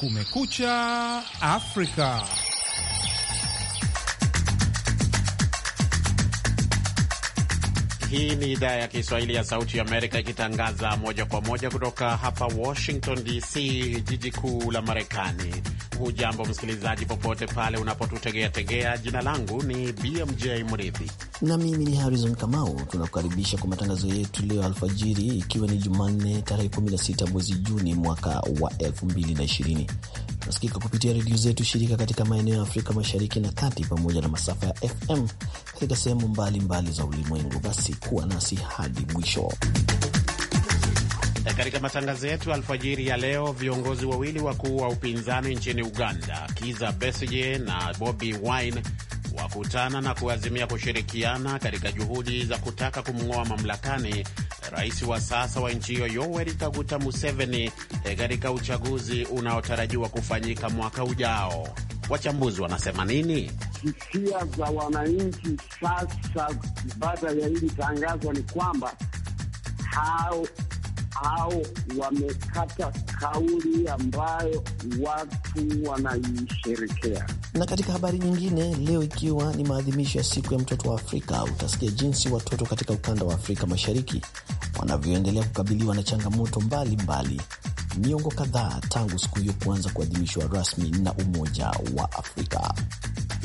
Kumekucha Afrika. Hii ni idhaa ya Kiswahili ya Sauti ya Amerika ikitangaza moja kwa moja kutoka hapa Washington DC, jiji kuu la Marekani. Hujambo msikilizaji, popote pale unapotutegeategea. Jina langu ni BMJ Mridhi na mimi ni Harrison Kamau. Tunakukaribisha kwa matangazo yetu leo alfajiri, ikiwa ni Jumanne tarehe 16 mwezi Juni mwaka wa 2020. Tunasikika kupitia redio zetu shirika katika maeneo ya Afrika Mashariki na Kati, pamoja na masafa ya FM katika sehemu mbalimbali za ulimwengu. Basi kuwa nasi hadi mwisho. Eh, katika matangazo yetu alfajiri ya leo, viongozi wawili wakuu wa upinzani nchini Uganda, Kiza Besige na Bobi Wine, wakutana na kuazimia kushirikiana katika juhudi za kutaka kumng'oa mamlakani rais wa sasa wa nchi hiyo Yoweri Kaguta Museveni eh, katika uchaguzi unaotarajiwa kufanyika mwaka ujao. Wachambuzi wanasema nini? Hisia za wananchi sasa baada ya hili tangazo ni kwamba hao au wamekata kauli ambayo watu wanaisherekea. Na katika habari nyingine, leo ikiwa ni maadhimisho ya siku ya mtoto wa Afrika, utasikia jinsi watoto katika ukanda wa Afrika Mashariki wanavyoendelea kukabiliwa na changamoto mbalimbali miongo kadhaa tangu siku hiyo kuanza kuadhimishwa rasmi na Umoja wa Afrika.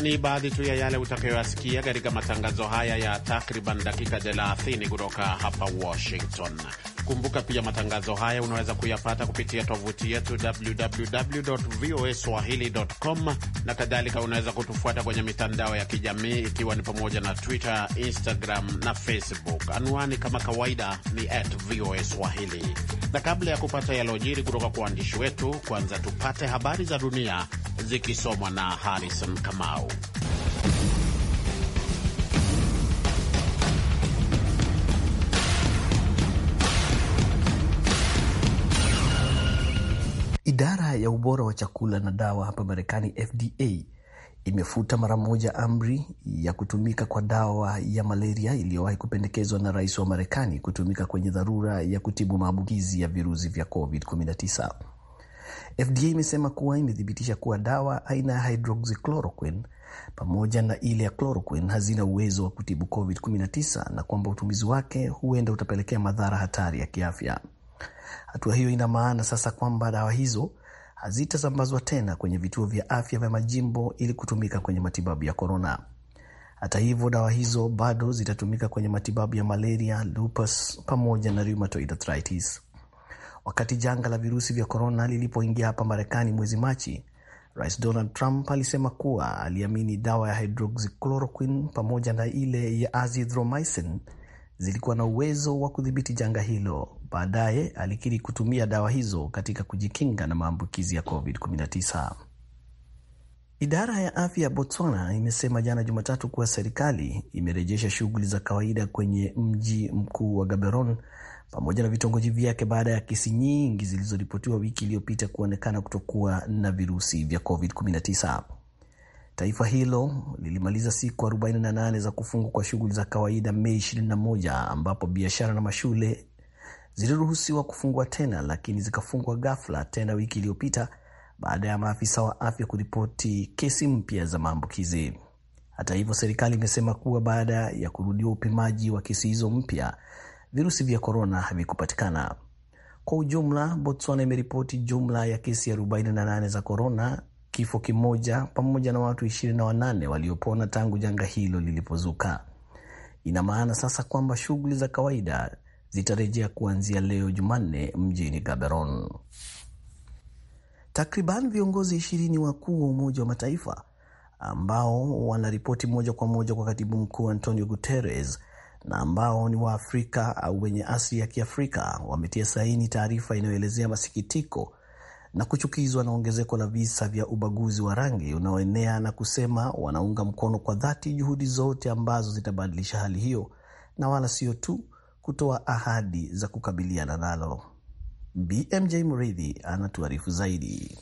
Ni baadhi tu ya yale utakayoyasikia katika matangazo haya ya takriban dakika 30 kutoka hapa Washington. Kumbuka pia matangazo haya unaweza kuyapata kupitia tovuti yetu www voa swahili.com na kadhalika. Unaweza kutufuata kwenye mitandao ya kijamii ikiwa ni pamoja na Twitter, Instagram na Facebook. Anwani kama kawaida ni at voa swahili. Na kabla ya kupata yalojiri kutoka kwa waandishi wetu, kwanza tupate habari za dunia zikisomwa na Harrison Kamau. Idara ya ubora wa chakula na dawa hapa Marekani, FDA, imefuta mara moja amri ya kutumika kwa dawa ya malaria iliyowahi kupendekezwa na rais wa Marekani kutumika kwenye dharura ya kutibu maambukizi ya virusi vya COVID-19. FDA imesema kuwa imethibitisha kuwa dawa aina ya hydroxychloroquine pamoja na ile ya chloroquine hazina uwezo wa kutibu COVID-19 na kwamba utumizi wake huenda utapelekea madhara hatari ya kiafya. Hatua hiyo ina maana sasa kwamba dawa hizo hazitasambazwa tena kwenye vituo vya afya vya majimbo ili kutumika kwenye matibabu ya korona. Hata hivyo, dawa hizo bado zitatumika kwenye matibabu ya malaria, lupus pamoja na rheumatoid arthritis. Wakati janga la virusi vya korona lilipoingia hapa Marekani mwezi Machi, Rais Donald Trump alisema kuwa aliamini dawa ya hydroxychloroquine pamoja na ile ya azithromycin zilikuwa na uwezo wa kudhibiti janga hilo. Baadaye alikiri kutumia dawa hizo katika kujikinga na maambukizi ya COVID-19. Idara ya afya ya Botswana imesema jana Jumatatu kuwa serikali imerejesha shughuli za kawaida kwenye mji mkuu wa Gaborone pamoja na vitongoji vyake baada ya kesi nyingi zilizoripotiwa wiki iliyopita kuonekana kutokuwa na virusi vya COVID-19. Taifa hilo lilimaliza siku 48 za kufungwa kwa shughuli za kawaida Mei 21 ambapo biashara na mashule ziliruhusiwa kufungwa tena, lakini zikafungwa ghafla tena wiki iliyopita baada ya maafisa wa afya kuripoti kesi mpya za maambukizi. Hata hivyo, serikali imesema kuwa baada ya kurudiwa upimaji wa kesi hizo mpya, virusi vya korona havikupatikana. Kwa ujumla, Botswana imeripoti jumla ya kesi 48 za korona kifo kimoja pamoja na watu ishirini na wanane waliopona tangu janga hilo lilipozuka. Ina maana sasa kwamba shughuli za kawaida zitarejea kuanzia leo Jumanne mjini Gaborone. Takriban viongozi ishirini wakuu wa Umoja wa Mataifa ambao wanaripoti moja kwa moja kwa katibu mkuu Antonio Guterres na ambao ni waafrika au wenye asili ya Kiafrika wametia saini taarifa inayoelezea masikitiko na kuchukizwa na ongezeko la visa vya ubaguzi wa rangi unaoenea na kusema wanaunga mkono kwa dhati juhudi zote ambazo zitabadilisha hali hiyo na wala sio tu kutoa ahadi za kukabiliana nalo. BMJ Mridhi anatuarifu zaidi.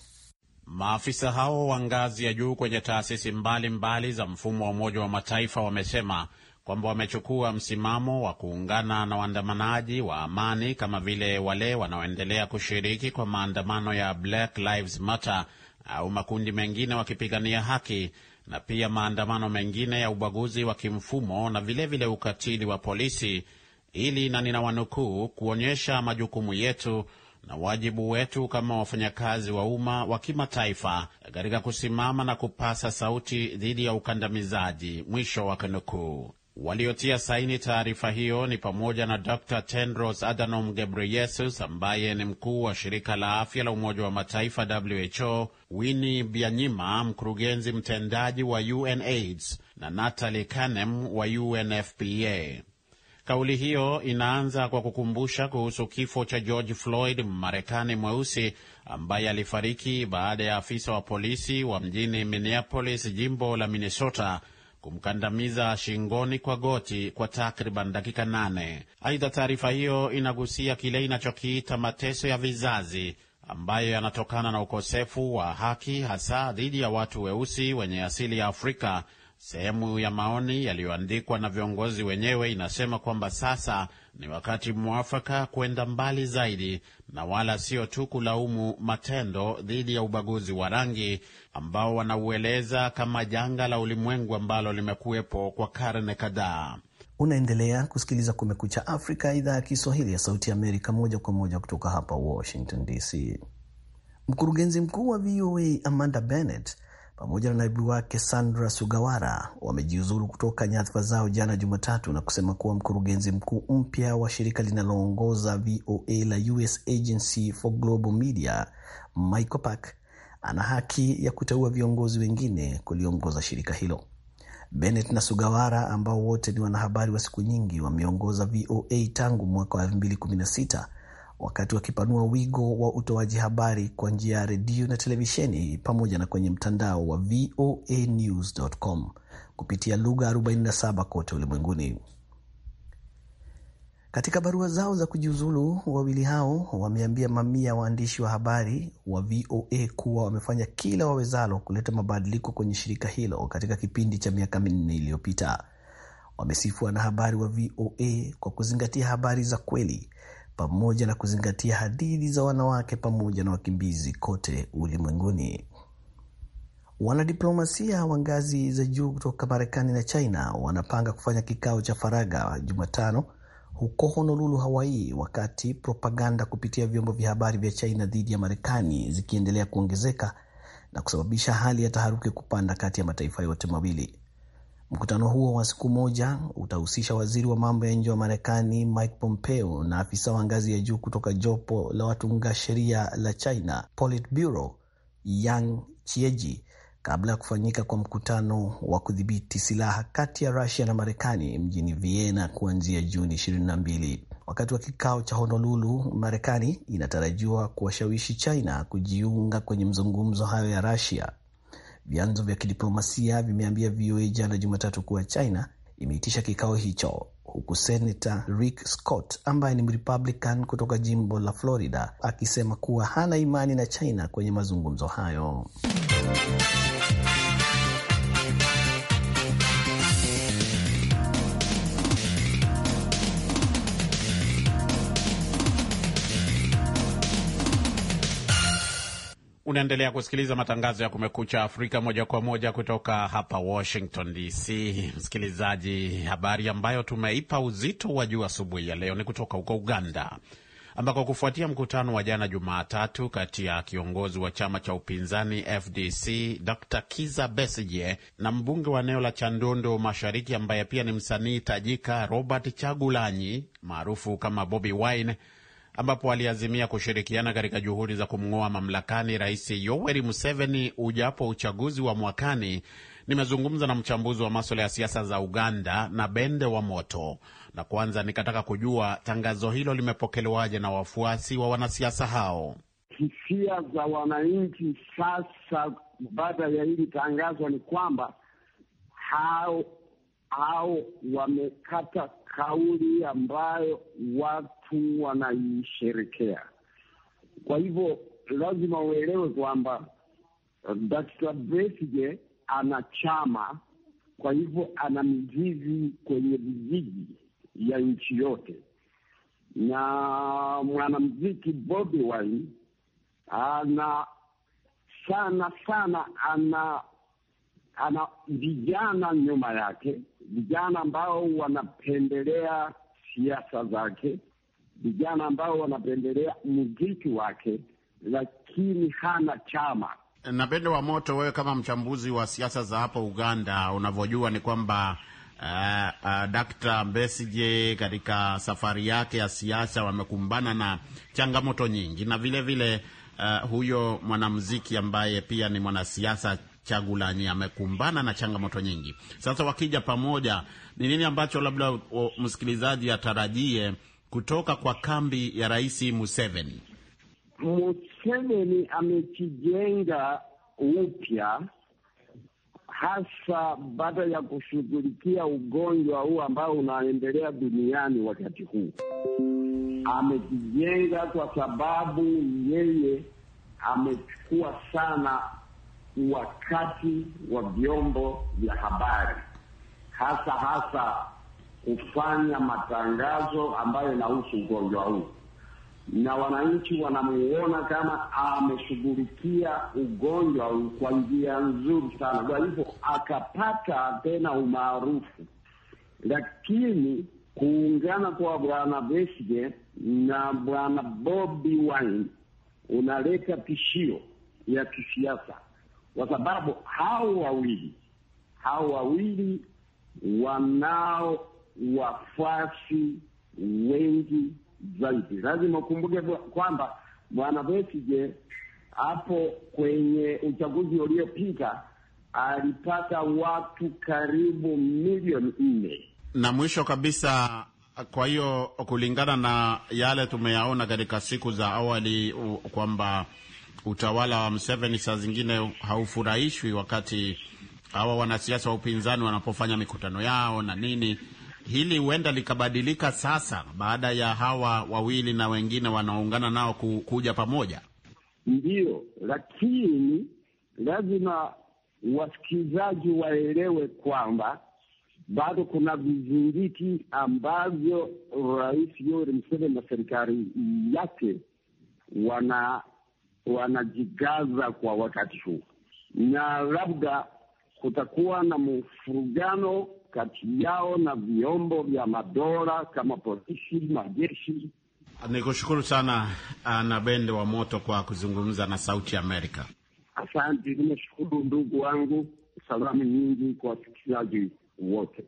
Maafisa hao wa ngazi ya juu kwenye taasisi mbalimbali mbali za mfumo wa Umoja wa Mataifa wamesema kwamba wamechukua msimamo wa kuungana na waandamanaji wa amani kama vile wale wanaoendelea kushiriki kwa maandamano ya Black Lives Matter au makundi mengine wakipigania haki na pia maandamano mengine ya ubaguzi wa kimfumo na vilevile vile ukatili wa polisi, ili na nina wanukuu kuonyesha majukumu yetu na wajibu wetu kama wafanyakazi wa umma wa kimataifa katika kusimama na kupasa sauti dhidi ya ukandamizaji, mwisho wa kunukuu. Waliotia saini taarifa hiyo ni pamoja na Dr Tedros Adhanom Ghebreyesus ambaye ni mkuu wa shirika la afya la Umoja wa Mataifa WHO, Winnie Byanyima, mkurugenzi mtendaji wa UNAIDS na Natalie Kanem wa UNFPA. Kauli hiyo inaanza kwa kukumbusha kuhusu kifo cha George Floyd, Mmarekani mweusi ambaye alifariki baada ya afisa wa polisi wa mjini Minneapolis, jimbo la Minnesota kumkandamiza shingoni kwa goti kwa takriban dakika nane. Aidha, taarifa hiyo inagusia kile inachokiita mateso ya vizazi ambayo yanatokana na ukosefu wa haki hasa dhidi ya watu weusi wenye asili ya Afrika Sehemu ya maoni yaliyoandikwa na viongozi wenyewe inasema kwamba sasa ni wakati mwafaka kwenda mbali zaidi na wala sio tu kulaumu matendo dhidi ya ubaguzi wa rangi ambao wanaueleza kama janga la ulimwengu ambalo limekuwepo kwa karne kadhaa. Unaendelea kusikiliza Kumekucha Afrika, idhaa ya Kiswahili ya Sauti ya Amerika, moja kwa moja kutoka hapa Washington DC. Mkurugenzi mkuu wa VOA Amanda Bennett pamoja na naibu wake Sandra Sugawara wamejiuzulu kutoka nyadhifa zao jana Jumatatu na kusema kuwa mkurugenzi mkuu mpya wa shirika linaloongoza VOA la US Agency for Global Media Michael Park ana haki ya kuteua viongozi wengine kuliongoza shirika hilo. Bennett na Sugawara ambao wote ni wanahabari wa siku nyingi wameongoza VOA tangu mwaka wa 2016 wakati wakipanua wigo wa utoaji habari kwa njia ya redio na televisheni pamoja na kwenye mtandao wa news.com kupitia lugha 47 kote ulimwenguni. Katika barua zao za kujiuzulu, wawili hao wameambia mamia waandishi wa habari wa VOA kuwa wamefanya kila wawezalo kuleta mabadiliko kwenye shirika hilo katika kipindi cha miaka minne iliyopita. Wamesifu wanahabari wa VOA kwa kuzingatia habari za kweli, pamoja na kuzingatia hadithi za wanawake pamoja na wakimbizi kote ulimwenguni. Wanadiplomasia wa ngazi za juu kutoka Marekani na China wanapanga kufanya kikao cha faragha Jumatano huko Honolulu, Hawaii, wakati propaganda kupitia vyombo vya habari vya China dhidi ya Marekani zikiendelea kuongezeka na kusababisha hali ya taharuki kupanda kati ya mataifa yote mawili. Mkutano huo wa siku moja utahusisha waziri wa mambo ya nje wa Marekani Mike Pompeo na afisa wa ngazi ya juu kutoka jopo la watunga sheria la China Politburo Yang Chieji kabla ya kufanyika kwa mkutano wa kudhibiti silaha kati ya Rusia na Marekani mjini Vienna kuanzia Juni 22. Wakati wa kikao cha Honolulu, Marekani inatarajiwa kuwashawishi China kujiunga kwenye mazungumzo hayo ya Rusia Vyanzo vya kidiplomasia vimeambia VOA jana Jumatatu kuwa China imeitisha kikao hicho huku senata Rick Scott ambaye ni mrepublican kutoka jimbo la Florida akisema kuwa hana imani na China kwenye mazungumzo hayo. Unaendelea kusikiliza matangazo ya Kumekucha Afrika moja kwa moja kutoka hapa Washington DC. Msikilizaji, habari ambayo tumeipa uzito wa juu asubuhi ya leo ni kutoka huko Uganda ambako kufuatia mkutano wa jana Jumatatu kati ya kiongozi wa chama cha upinzani FDC Dr Kiza Besige na mbunge wa eneo la Chandondo Mashariki ambaye pia ni msanii tajika Robert Chagulanyi maarufu kama Bobi Wine ambapo aliazimia kushirikiana katika juhudi za kumng'oa mamlakani Rais Yoweri Museveni ujapo uchaguzi wa mwakani. Nimezungumza na mchambuzi wa maswala ya siasa za Uganda na Bende wa Moto, na kwanza nikataka kujua tangazo hilo limepokelewaje na wafuasi wa wanasiasa hao. Hisia za wananchi sasa baada ya hili tangazo ni kwamba hao hao wamekata kauli ambayo watu wanaisherekea. Kwa hivyo lazima uelewe kwamba uh, Dr. Besigye ana chama, kwa hivyo ana mizizi kwenye vijiji ya nchi yote, na mwanamziki Bobi Wine ana sana sana ana ana vijana nyuma yake vijana ambao wanapendelea siasa zake, vijana ambao wanapendelea muziki wake, lakini hana chama. Napende wa Moto, wewe kama mchambuzi wa siasa za hapo Uganda, unavyojua ni kwamba Uh, uh, Dr. Besigye katika safari yake ya siasa wamekumbana na changamoto nyingi na vile vile uh, huyo mwanamuziki ambaye pia ni mwanasiasa Chagulanyi amekumbana na changamoto nyingi. Sasa wakija pamoja, ni nini ambacho labda msikilizaji atarajie kutoka kwa kambi ya Rais Museveni? Museveni amekijenga upya hasa baada ya kushughulikia ugonjwa huu ambao unaendelea duniani wakati huu. Amekijenga kwa sababu yeye amechukua sana wakati wa vyombo vya habari hasa hasa kufanya matangazo ambayo inahusu ugonjwa huu, na wananchi wanamuona kama ameshughulikia ugonjwa huu kwa njia nzuri sana, kwa hivyo akapata tena umaarufu. Lakini kuungana kwa bwana Besigye na bwana Bobi Wine unaleta tishio ya kisiasa kwa sababu hao wawili hao wawili wanao wafasi wengi zaidi. Lazima ukumbuke kwamba bwana Besigye hapo kwenye uchaguzi uliopita alipata watu karibu milioni nne. Na mwisho kabisa, kwa hiyo kulingana na yale tumeyaona katika siku za awali kwamba utawala wa mseveni saa zingine haufurahishwi wakati hawa wanasiasa wa upinzani wanapofanya mikutano yao na nini. Hili huenda likabadilika sasa baada ya hawa wawili na wengine wanaoungana nao kuja pamoja. Ndiyo, lakini lazima wasikilizaji waelewe kwamba bado kuna vizingiti ambavyo Rais Yoweri Museveni na serikali yake wana wanajigaza kwa wakati huu, na labda kutakuwa na mfurugano kati yao na vyombo vya madola kama polisi, majeshi. Nikushukuru sana uh, na Bende wa Moto kwa kuzungumza na Sauti Amerika. Asante, nimeshukuru ndugu wangu. Salamu nyingi kwa wasikilizaji wote.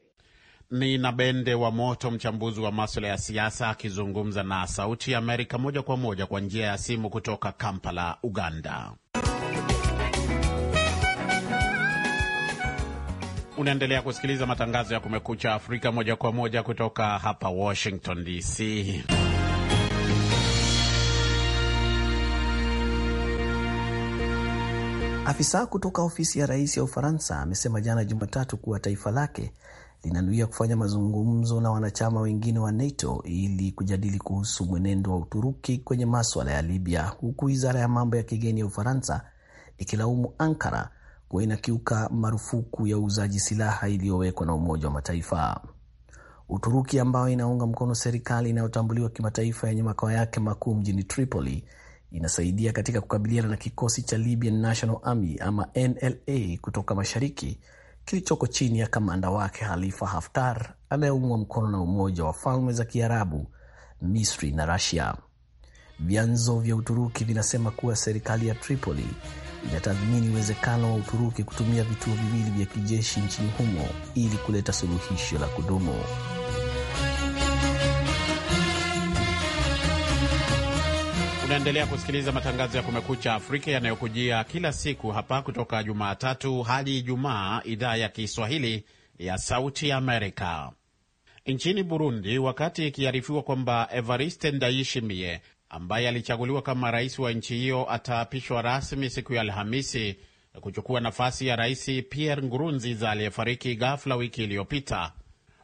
Ni Nabende wa Moto, mchambuzi wa maswala ya siasa, akizungumza na Sauti ya Amerika moja kwa moja kwa njia ya simu kutoka Kampala, Uganda. Unaendelea kusikiliza matangazo ya Kumekucha Afrika moja kwa moja kutoka hapa Washington DC. Afisa kutoka ofisi ya rais ya Ufaransa amesema jana Jumatatu kuwa taifa lake linanuia kufanya mazungumzo na wanachama wengine wa NATO ili kujadili kuhusu mwenendo wa Uturuki kwenye maswala ya Libya, huku wizara ya mambo ya kigeni ya Ufaransa ikilaumu Ankara kuwa inakiuka marufuku ya uuzaji silaha iliyowekwa na Umoja wa Mataifa. Uturuki ambayo inaunga mkono serikali inayotambuliwa kimataifa yenye makao yake makuu mjini Tripoli inasaidia katika kukabiliana na kikosi cha Libyan National Army ama NLA kutoka mashariki kilichoko chini ya kamanda wake halifa Haftar anayeungwa mkono na Umoja wa Falme za Kiarabu, Misri na rasia Vyanzo vya Uturuki vinasema kuwa serikali ya Tripoli inatathmini uwezekano wa Uturuki kutumia vituo viwili vya kijeshi nchini humo ili kuleta suluhisho la kudumu. Unaendelea kusikiliza matangazo ya Kumekucha Afrika yanayokujia kila siku hapa kutoka Jumatatu hadi Ijumaa, idhaa ya Kiswahili ya Sauti Amerika. Nchini Burundi, wakati ikiarifiwa kwamba Evariste Ndayishimiye ambaye alichaguliwa kama rais wa nchi hiyo ataapishwa rasmi siku ya Alhamisi kuchukua nafasi ya Rais Pierre Nkurunziza aliyefariki ghafla wiki iliyopita.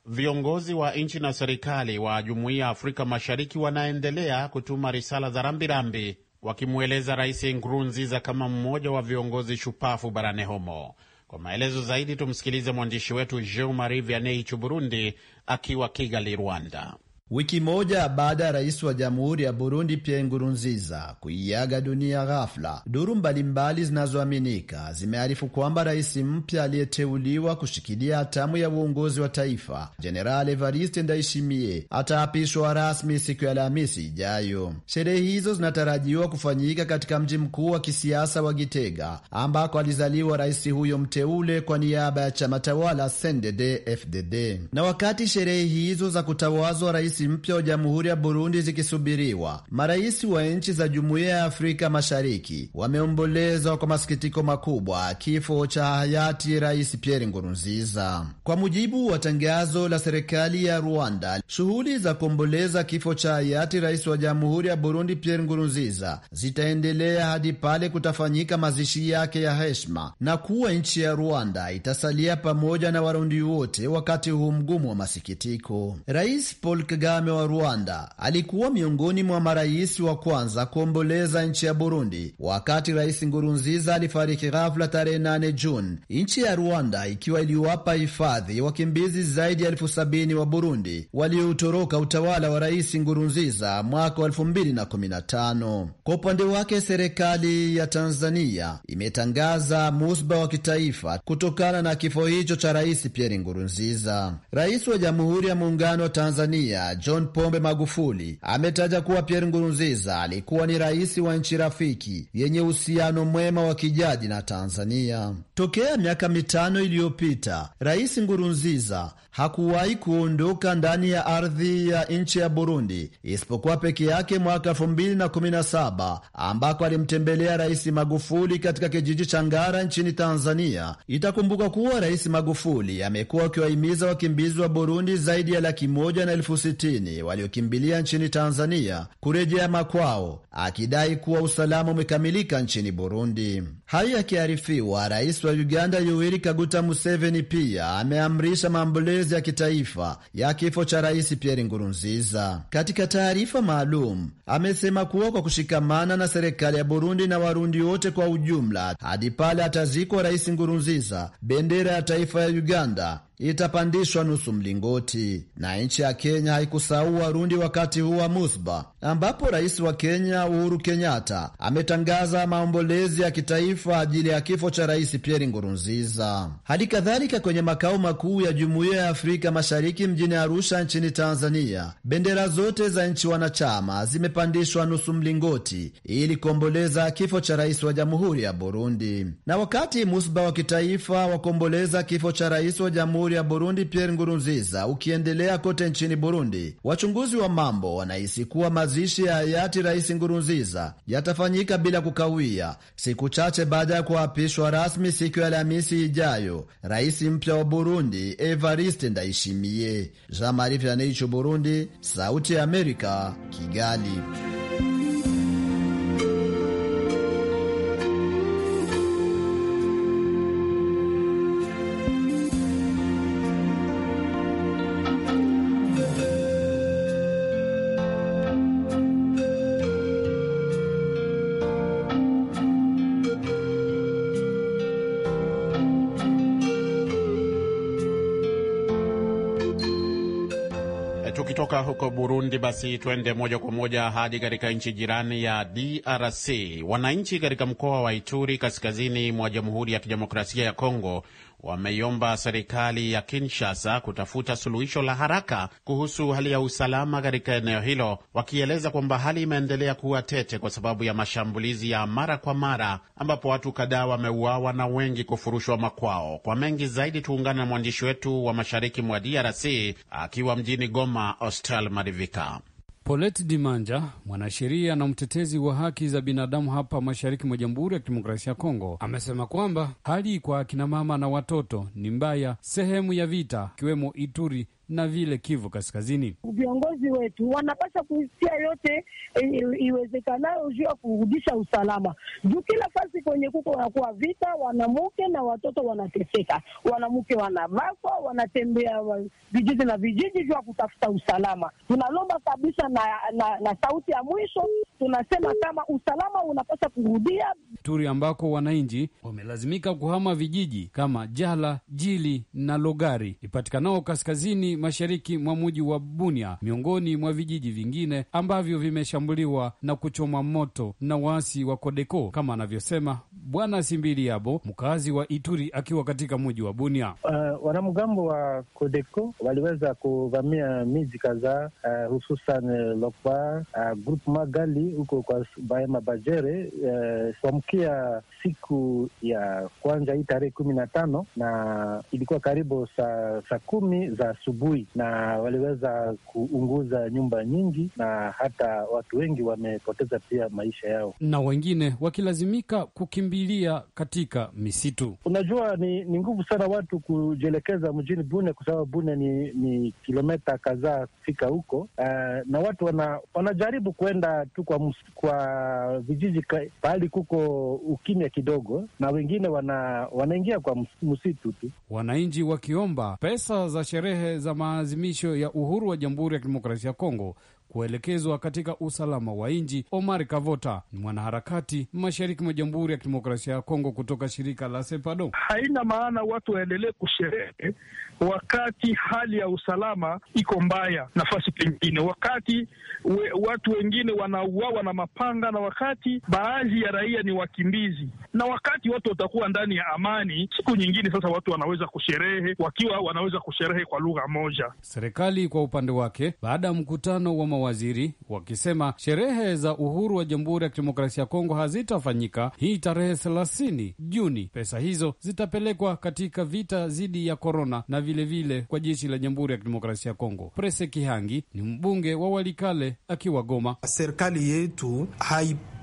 Viongozi wa nchi na serikali wa Jumuiya ya Afrika Mashariki wanaendelea kutuma risala za rambirambi wakimweleza Rais Nkurunziza kama mmoja wa viongozi shupafu barani humo. Kwa maelezo zaidi tumsikilize mwandishi wetu Jean Marie Vianney Burundi akiwa Kigali, Rwanda wiki moja baada ya rais wa jamhuri ya Burundi Pierre Nkurunziza kuiaga dunia ghafla. Duru mbalimbali zinazoaminika zimearifu kwamba rais mpya aliyeteuliwa kushikilia hatamu ya uongozi wa taifa Jenerali Evariste Ndayishimiye ataapishwa rasmi siku ya Alhamisi ijayo. Sherehe hizo zinatarajiwa kufanyika katika mji mkuu wa kisiasa wa Gitega ambako alizaliwa rais huyo mteule kwa niaba ya chama tawala CNDD-FDD. Na wakati sherehe hizo za kutawazwa rais rais mpya wa jamhuri ya Burundi zikisubiriwa, marais wa nchi za jumuiya ya Afrika Mashariki wameombolezwa kwa masikitiko makubwa kifo cha hayati Rais Pierre Nkurunziza. Kwa mujibu wa tangazo la serikali ya Rwanda, shughuli za kuomboleza kifo cha hayati rais wa jamhuri ya Burundi Pierre Nkurunziza zitaendelea hadi pale kutafanyika mazishi yake ya heshima na kuwa nchi ya Rwanda itasalia pamoja na Warundi wote wakati huu mgumu wa masikitiko. Rais Paul Kagame Kagame wa Rwanda alikuwa miongoni mwa marais wa kwanza kuomboleza nchi ya Burundi wakati Rais Ngurunziza alifariki ghafla tarehe 8 Juni, nchi ya Rwanda ikiwa iliwapa hifadhi wakimbizi zaidi ya elfu sabini wa Burundi walioutoroka utawala wa Rais Ngurunziza mwaka wa 2015. Kwa upande wake, serikali ya Tanzania imetangaza musba wa kitaifa kutokana na kifo hicho cha Rais Pierre Ngurunziza. Rais wa Jamhuri ya Muungano wa Tanzania John Pombe Magufuli ametaja kuwa Pierre Nkurunziza alikuwa ni rais wa nchi rafiki yenye uhusiano mwema wa kijadi na Tanzania. Tokea miaka mitano iliyopita, Rais Nkurunziza hakuwahi kuondoka ndani ya ardhi ya nchi ya Burundi isipokuwa peke yake mwaka 2017 ambako alimtembelea Rais Magufuli katika kijiji cha Ngara nchini Tanzania. Itakumbuka kuwa Rais Magufuli amekuwa akiwahimiza wakimbizi wa Burundi zaidi ya laki moja na elfu sitini sitini waliokimbilia nchini Tanzania kurejea makwao, akidai kuwa usalama umekamilika nchini Burundi. Hayo yakiarifiwa, rais wa Uganda Yoweri Kaguta Museveni pia ameamrisha maombolezi ya kitaifa ya kifo cha rais Pierre Nkurunziza. Katika taarifa maalum, amesema kuwa kwa kushikamana na serikali ya Burundi na Warundi wote kwa ujumla, hadi pale atazikwa rais Nkurunziza, bendera ya taifa ya Uganda itapandishwa nusu mlingoti. Na nchi ya Kenya haikusahau Warundi wakati huu wa Musba, ambapo rais wa Kenya Uhuru Kenyatta ametangaza maombolezi ya kitaifa ajili ya kifo cha rais Pierre ngurunziza Hali kadhalika kwenye makao makuu ya Jumuiya ya Afrika Mashariki mjini Arusha nchini Tanzania, bendera zote za nchi wanachama zimepandishwa nusu mlingoti ili kuomboleza kifo cha rais wa Jamhuri ya Burundi. Na wakati musba wa kitaifa wakuomboleza kifo cha rais wa Jamhuri Jamhuri ya Burundi Pierre Ngurunziza ukiendelea kote nchini Burundi, wachunguzi wa mambo wanahisi kuwa mazishi ya hayati Rais Ngurunziza yatafanyika bila kukawia, siku chache baada ya kuapishwa rasmi siku ya Alhamisi ijayo rais mpya wa Burundi Evariste Ndayishimiye. Jean Marie Vianney, Burundi, Sauti ya Amerika, Kigali. Burundi, basi twende moja kwa moja hadi katika nchi jirani ya DRC. Wananchi katika mkoa wa Ituri kaskazini mwa Jamhuri ya Kidemokrasia ya Kongo wameiomba serikali ya Kinshasa kutafuta suluhisho la haraka kuhusu hali ya usalama katika eneo hilo, wakieleza kwamba hali imeendelea kuwa tete kwa sababu ya mashambulizi ya mara kwa mara, ambapo watu kadhaa wameuawa na wengi kufurushwa makwao. Kwa mengi zaidi, tuungana na mwandishi wetu wa mashariki mwa DRC akiwa mjini Goma, Ostel Marivika. Polet Dimanja, mwanasheria na mtetezi wa haki za binadamu hapa mashariki mwa Jamhuri ya Kidemokrasia ya Kongo, amesema kwamba hali kwa akinamama na watoto ni mbaya sehemu ya vita ikiwemo Ituri na vile Kivu Kaskazini. Viongozi wetu wanapasha kusikia yote e, iwezekanayo juu ya kurudisha usalama, juu kila fasi kwenye kuko wanakuwa vita, wanamke na watoto wanateseka, wanamke wanavakwa wanatembea vijiji na vijiji juu ya kutafuta usalama. Tunalomba kabisa na, na, na sauti ya mwisho tunasema kama usalama unapasha kurudia Ituri ambako wananchi wamelazimika kuhama vijiji kama Jala, Jili na Logari ipatikanao kaskazini mashariki mwa muji wa Bunia, miongoni mwa vijiji vingine ambavyo vimeshambuliwa na kuchomwa moto na waasi wa Kodeko kama anavyosema Bwana Simbiliabo, mkazi wa Ituri, akiwa katika mji wa Bunia. Uh, wanamgambo wa Kodeko waliweza kuvamia miji kadhaa, uh, hususan uh, Lokwa, uh, grup Magali huko kwa Bahema Bajere uh, kuamkia uh, siku ya kwanza hii tarehe kumi na tano na ilikuwa karibu saa sa kumi za asubuhi, na waliweza kuunguza nyumba nyingi na hata watu wengi wamepoteza pia maisha yao na wengine wakilazimika kukimbia kukimbilia katika misitu. Unajua, ni ni nguvu sana watu kujielekeza mjini Bune kwa sababu Bune ni, ni kilometa kadhaa kufika huko uh, na watu wana, wanajaribu kuenda tu kwa, mus, kwa vijiji pahali kuko ukimya kidogo, na wengine wana, wanaingia kwa msitu tu, wananchi wakiomba pesa za sherehe za maadhimisho ya uhuru wa Jamhuri ya Kidemokrasia ya Kongo kuelekezwa katika usalama wa nji Omar Kavota ni mwanaharakati mashariki mwa Jamhuri ya Kidemokrasia ya Kongo kutoka shirika la Sepado. Haina maana watu waendelee kusherehe wakati hali ya usalama iko mbaya nafasi pengine, wakati we, watu wengine wanauawa na mapanga, na wakati baadhi ya raia ni wakimbizi, na wakati watu watakuwa ndani ya amani, siku nyingine sasa watu wanaweza kusherehe wakiwa wanaweza kusherehe kwa lugha moja. Serikali kwa upande wake, baada ya mkutano wa mawaziri wakisema sherehe za uhuru wa Jamhuri ya Kidemokrasia ya Kongo hazitafanyika hii tarehe 30 Juni. Pesa hizo zitapelekwa katika vita dhidi ya korona na vilevile vile kwa jeshi la Jamhuri ya Kidemokrasia ya Kongo. Prese Kihangi ni mbunge wa Walikale akiwa Goma. Serikali yetu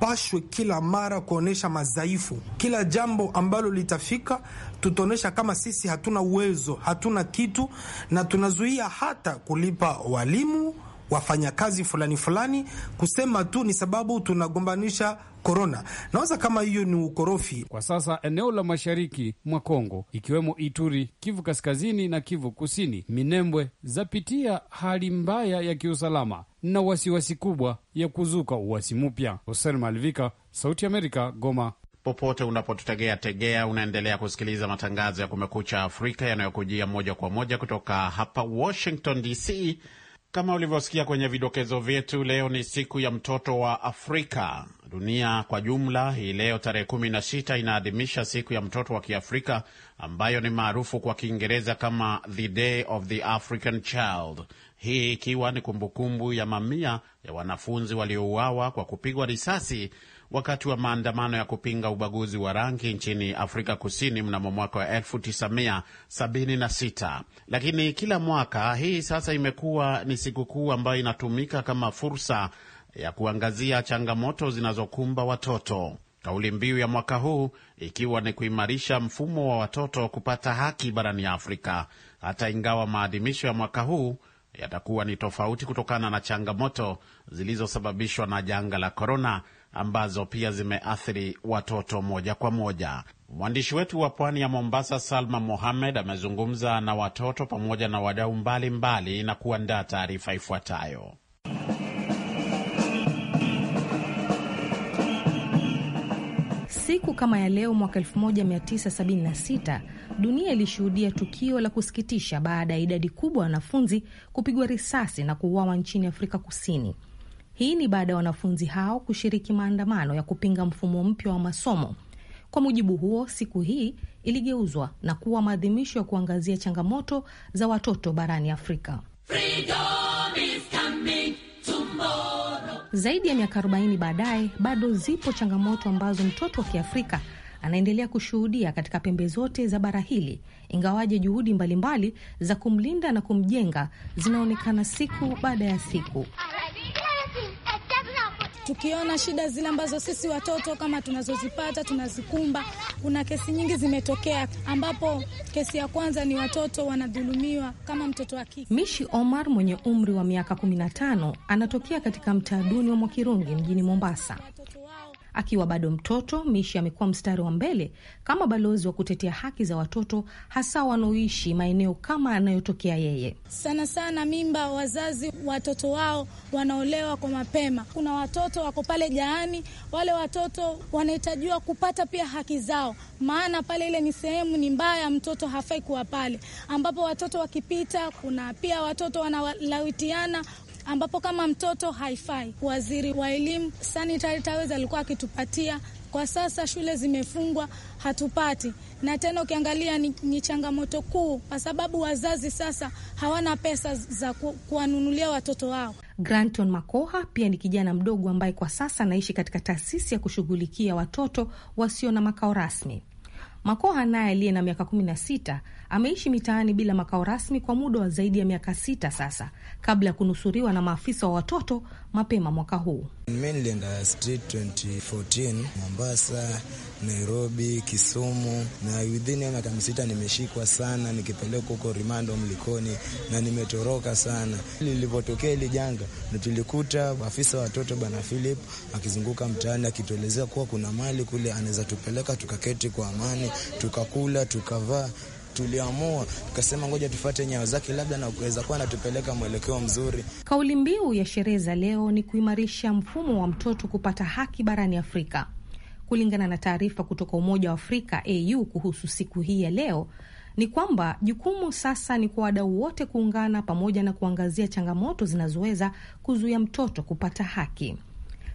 pashwe kila mara kuonyesha madhaifu. Kila jambo ambalo litafika tutaonyesha kama sisi hatuna uwezo, hatuna kitu, na tunazuia hata kulipa walimu wafanyakazi fulani fulani, kusema tu ni sababu tunagombanisha korona. Nawaza kama hiyo ni ukorofi. Kwa sasa eneo la mashariki mwa Kongo ikiwemo Ituri, Kivu kaskazini na Kivu kusini, Minembwe zapitia hali mbaya ya kiusalama na wasiwasi kubwa ya kuzuka uwasi mpya. Hosen Malvika, Sauti Amerika, Goma. Popote unapotutegea tegea, unaendelea kusikiliza matangazo ya Kumekucha Afrika yanayokujia moja kwa moja kutoka hapa Washington DC. Kama ulivyosikia kwenye vidokezo vyetu, leo ni siku ya mtoto wa Afrika. Dunia kwa jumla hii leo tarehe 16 inaadhimisha siku ya mtoto wa Kiafrika ambayo ni maarufu kwa Kiingereza kama the Day of the African Child, hii ikiwa ni kumbukumbu ya mamia ya wanafunzi waliouawa kwa kupigwa risasi wakati wa maandamano ya kupinga ubaguzi wa rangi nchini Afrika Kusini mnamo mwaka wa 1976. Lakini kila mwaka hii sasa imekuwa ni sikukuu ambayo inatumika kama fursa ya kuangazia changamoto zinazokumba watoto. Kauli mbiu ya mwaka huu ikiwa ni kuimarisha mfumo wa watoto kupata haki barani Afrika, hata ingawa maadhimisho ya mwaka huu yatakuwa ni tofauti kutokana na changamoto zilizosababishwa na janga la korona ambazo pia zimeathiri watoto moja kwa moja. Mwandishi wetu wa pwani ya Mombasa, Salma Mohamed, amezungumza na watoto pamoja na wadau mbalimbali na kuandaa taarifa ifuatayo. Siku kama ya leo mwaka 1976 dunia ilishuhudia tukio la kusikitisha baada ya idadi kubwa ya wanafunzi kupigwa risasi na kuuawa nchini Afrika Kusini. Hii ni baada ya wanafunzi hao kushiriki maandamano ya kupinga mfumo mpya wa masomo. Kwa mujibu huo, siku hii iligeuzwa na kuwa maadhimisho ya kuangazia changamoto za watoto barani Afrika. Zaidi ya miaka 40 baadaye, bado zipo changamoto ambazo mtoto wa Kiafrika anaendelea kushuhudia katika pembe zote za bara hili, ingawaje juhudi mbalimbali mbali za kumlinda na kumjenga zinaonekana siku baada ya siku tukiona shida zile ambazo sisi watoto kama tunazozipata tunazikumba. Kuna kesi nyingi zimetokea, ambapo kesi ya kwanza ni watoto wanadhulumiwa kama mtoto wa kike. Mishi Omar mwenye umri wa miaka 15 anatokea katika mtaa duni wa Mwakirungi mjini Mombasa. Akiwa bado mtoto, Mishi amekuwa mstari wa mbele kama balozi wa kutetea haki za watoto, hasa wanaoishi maeneo kama anayotokea yeye. Sana sana mimba, wazazi watoto wao wanaolewa kwa mapema. Kuna watoto wako pale jaani, wale watoto wanahitajiwa kupata pia haki zao, maana pale ile ni sehemu ni mbaya, mtoto hafai kuwa pale, ambapo watoto wakipita. Kuna pia watoto wanalawitiana ambapo kama mtoto haifai. Waziri wa elimu sanitary towels alikuwa akitupatia kwa sasa shule zimefungwa, hatupati. Na tena ukiangalia ni, ni changamoto kuu, kwa sababu wazazi sasa hawana pesa za ku, kuwanunulia watoto wao. Granton Makoha pia ni kijana mdogo ambaye kwa sasa anaishi katika taasisi ya kushughulikia watoto wasio na makao rasmi. Makoha naye aliye na miaka kumi na sita ameishi mitaani bila makao rasmi kwa muda wa zaidi ya miaka sita sasa, kabla ya kunusuriwa na maafisa wa watoto mapema mwaka huu. Mi nilienda street 2014 Mombasa, Nairobi, Kisumu na within ya miaka misita nimeshikwa sana, nikipelekwa huko rimando Mlikoni na nimetoroka sana. Lilivyotokea hili janga, tulikuta afisa wa watoto Bwana Philip akizunguka mtaani akituelezea kuwa kuna mali kule anaweza tupeleka tukaketi kwa amani tukakula, tukavaa tuliamua tukasema ngoja tufate nyayo zake, labda na kuweza kuwa natupeleka mwelekeo mzuri. Kauli mbiu ya sherehe za leo ni kuimarisha mfumo wa mtoto kupata haki barani Afrika. Kulingana na taarifa kutoka Umoja wa Afrika AU kuhusu siku hii ya leo, ni kwamba jukumu sasa ni kwa wadau wote kuungana pamoja na kuangazia changamoto zinazoweza kuzuia mtoto kupata haki.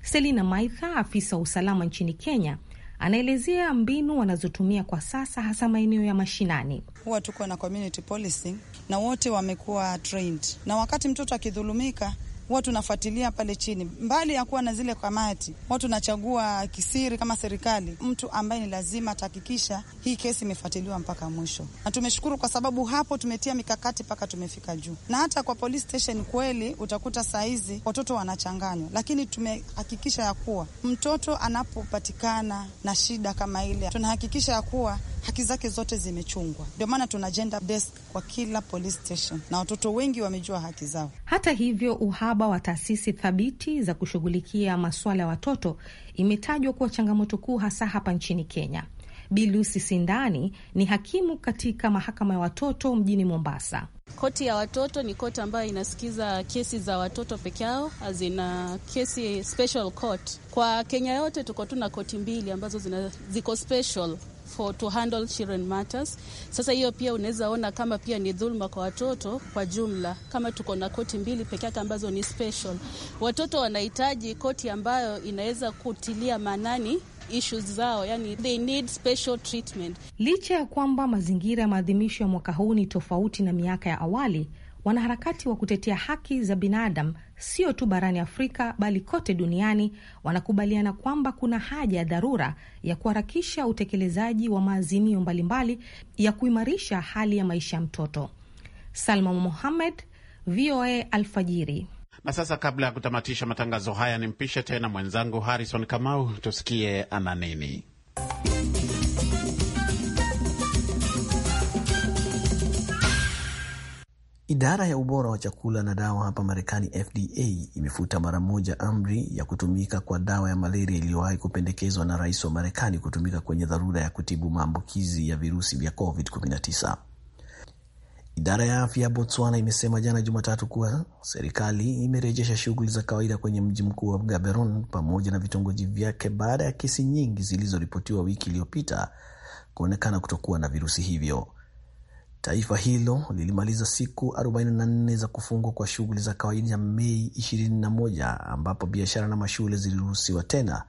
Selina Maitha, afisa wa usalama nchini Kenya, anaelezea mbinu wanazotumia kwa sasa, hasa maeneo ya mashinani. Huwa tuko na community policing na wote wamekuwa trained, na wakati mtoto akidhulumika huwa tunafuatilia pale chini, mbali ya kuwa na zile kamati, huwa tunachagua kisiri kama serikali mtu ambaye ni lazima atahakikisha hii kesi imefuatiliwa mpaka mwisho, na tumeshukuru kwa sababu hapo tumetia mikakati mpaka tumefika juu. Na hata kwa police station kweli utakuta saizi watoto wanachanganywa, lakini tumehakikisha ya kuwa mtoto anapopatikana na shida kama ile, tunahakikisha ya kuwa haki zake zote zimechungwa. Ndio maana tuna gender desk kwa kila police station na watoto wengi wamejua haki zao. Hata hivyo uhaba uhaba wa taasisi thabiti za kushughulikia masuala ya watoto imetajwa kuwa changamoto kuu hasa hapa nchini Kenya. Bi Lucy Sindani ni hakimu katika mahakama ya watoto mjini Mombasa. Koti ya watoto ni koti ambayo inasikiza kesi za watoto peke yao, azina uh, kesi special court. Kwa Kenya yote tuko tuna koti mbili ambazo zina, ziko special for to handle children matters. Sasa hiyo pia unaweza ona kama pia ni dhulma kwa watoto kwa jumla, kama tuko na koti mbili peke yake ambazo ni special. Watoto wanahitaji koti ambayo inaweza kutilia maanani issues zao, yani they need special treatment. Licha ya kwamba mazingira ya maadhimisho ya mwaka huu ni tofauti na miaka ya awali, wanaharakati wa kutetea haki za binadamu sio tu barani Afrika bali kote duniani wanakubaliana kwamba kuna haja ya dharura ya kuharakisha utekelezaji wa maazimio mbalimbali ya kuimarisha hali ya maisha ya mtoto. Salma Mohamed, VOA Alfajiri. Na sasa kabla ya kutamatisha matangazo haya, nimpishe tena mwenzangu Harrison Kamau tusikie ana nini. Idara ya ubora wa chakula na dawa hapa Marekani, FDA, imefuta mara moja amri ya kutumika kwa dawa ya malaria iliyowahi kupendekezwa na rais wa Marekani kutumika kwenye dharura ya kutibu maambukizi ya virusi vya COVID-19. Idara ya afya ya Botswana imesema jana Jumatatu kuwa serikali imerejesha shughuli za kawaida kwenye mji mkuu wa Gaborone pamoja na vitongoji vyake baada ya kesi nyingi zilizoripotiwa wiki iliyopita kuonekana kutokuwa na virusi hivyo. Taifa hilo lilimaliza siku 44 za kufungwa kwa shughuli za kawaida Mei 21 ambapo biashara na mashule ziliruhusiwa tena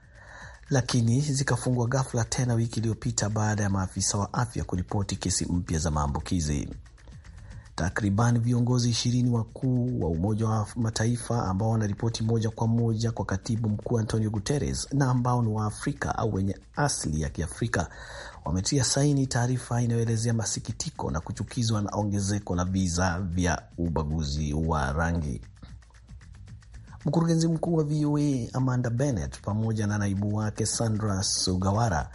lakini zikafungwa ghafla tena wiki iliyopita baada ya maafisa wa afya kuripoti kesi mpya za maambukizi takriban viongozi ishirini wakuu wa Umoja wa Mataifa ambao wanaripoti moja kwa moja kwa katibu mkuu Antonio Guterres na ambao ni Waafrika au wenye asili ya Kiafrika wametia saini taarifa inayoelezea masikitiko na kuchukizwa na ongezeko la visa vya ubaguzi wa rangi. Mkurugenzi mkuu wa VOA Amanda Bennett pamoja na naibu wake Sandra Sugawara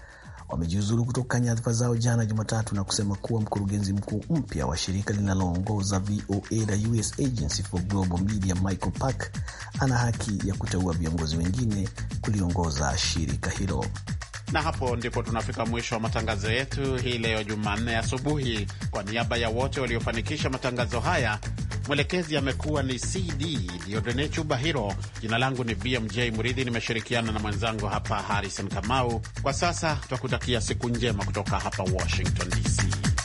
wamejiuzulu kutoka nyadhifa zao jana Jumatatu na kusema kuwa mkurugenzi mkuu mpya wa shirika linaloongoza VOA la US Agency for Global Media Michael Park ana haki ya kuteua viongozi wengine kuliongoza shirika hilo. Na hapo ndipo tunafika mwisho wa matangazo yetu hii leo Jumanne asubuhi. Kwa niaba ya wote waliofanikisha matangazo haya Mwelekezi amekuwa ni CD chuba Chubahiro. Jina langu ni BMJ Mridhi, nimeshirikiana na mwenzangu hapa Harrison Kamau. Kwa sasa twakutakia siku njema kutoka hapa Washington DC.